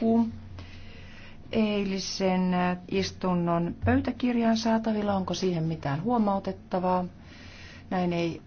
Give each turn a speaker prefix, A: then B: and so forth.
A: jatkuu. Eilisen istunnon pöytäkirjaan saatavilla, onko siihen mitään huomautettavaa? Näin ei